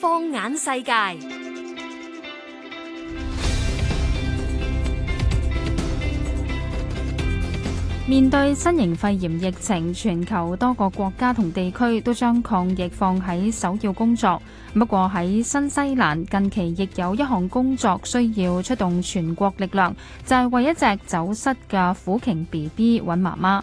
放眼世界，面對新型肺炎疫情，全球多個國家同地區都將抗疫放喺首要工作。不過喺新西蘭，近期亦有一項工作需要出動全國力量，就係、是、為一隻走失嘅虎鯨 B B 揾媽媽。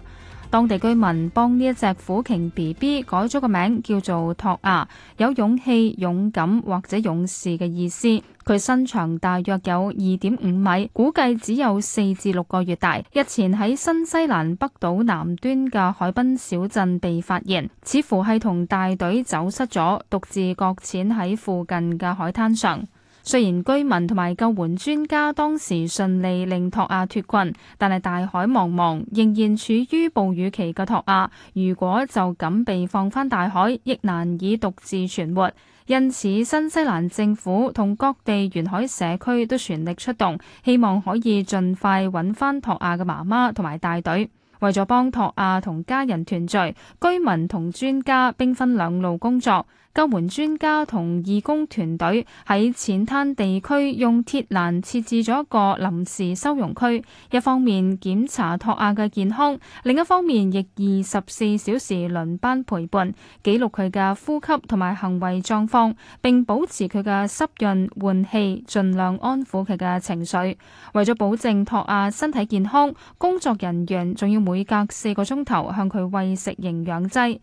當地居民幫呢一隻虎鯨 BB 改咗個名，叫做托亞，有勇氣、勇敢或者勇士嘅意思。佢身長大約有二點五米，估計只有四至六個月大。日前喺新西蘭北島南端嘅海濱小鎮被發現，似乎係同大隊走失咗，獨自擱淺喺附近嘅海灘上。雖然居民同埋救援專家當時順利令托亞脫困，但係大海茫茫，仍然處於暴雨期嘅托亞，如果就咁被放返大海，亦難以獨自存活。因此，新西蘭政府同各地沿海社區都全力出動，希望可以盡快揾翻托亞嘅媽媽同埋大隊。為咗幫托亞同家人團聚，居民同專家兵分兩路工作。救援專家同義工團隊喺淺灘地區用鐵欄設置咗一個臨時收容區，一方面檢查托亞嘅健康，另一方面亦二十四小時輪班陪伴，記錄佢嘅呼吸同埋行為狀況，並保持佢嘅濕潤換氣，盡量安撫佢嘅情緒。為咗保證托亞身體健康，工作人員仲要每隔四個鐘頭向佢餵食營養劑。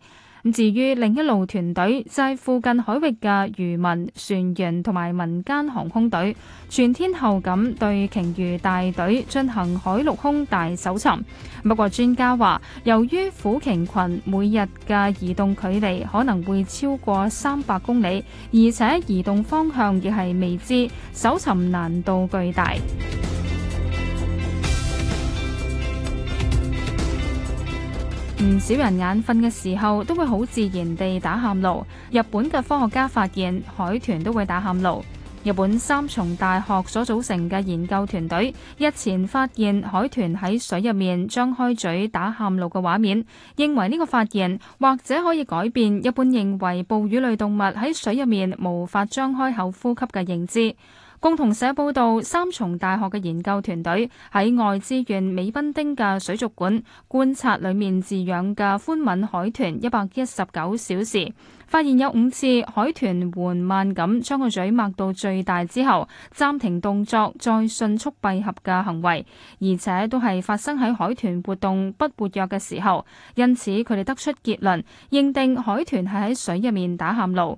至於另一路團隊，就係附近海域嘅漁民、船員同埋民間航空隊，全天候咁對鯨魚大隊進行海陸空大搜尋。不過專家話，由於虎鯨群每日嘅移動距離可能會超過三百公里，而且移動方向亦係未知，搜尋難度巨大。唔少人眼瞓嘅時候都會好自然地打喊路。日本嘅科學家發現海豚都會打喊路。日本三重大學所組成嘅研究團隊日前發現海豚喺水入面張開嘴打喊路嘅畫面，認為呢個發現或者可以改變一般認為哺乳類動物喺水入面無法張開口呼吸嘅認知。共同社報道，三重大學嘅研究團隊喺外之縣美濱町嘅水族館觀察裏面飼養嘅寬吻海豚一百一十九小時，發現有五次海豚緩慢咁將個嘴擘到最大之後暫停動作，再迅速閉合嘅行為，而且都係發生喺海豚活動不活躍嘅時候，因此佢哋得出結論，認定海豚係喺水入面打喊露。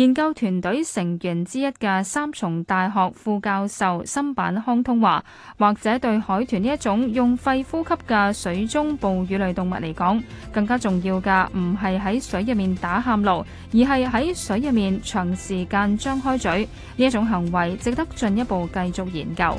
研究團隊成員之一嘅三重大學副教授森阪匡通話：或者對海豚呢一種用肺呼吸嘅水中哺乳類動物嚟講，更加重要嘅唔係喺水入面打喊路，而係喺水入面長時間張開嘴呢一種行為，值得進一步繼續研究。